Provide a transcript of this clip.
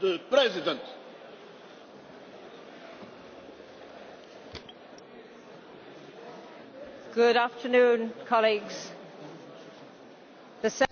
the president. Good afternoon, colleagues. The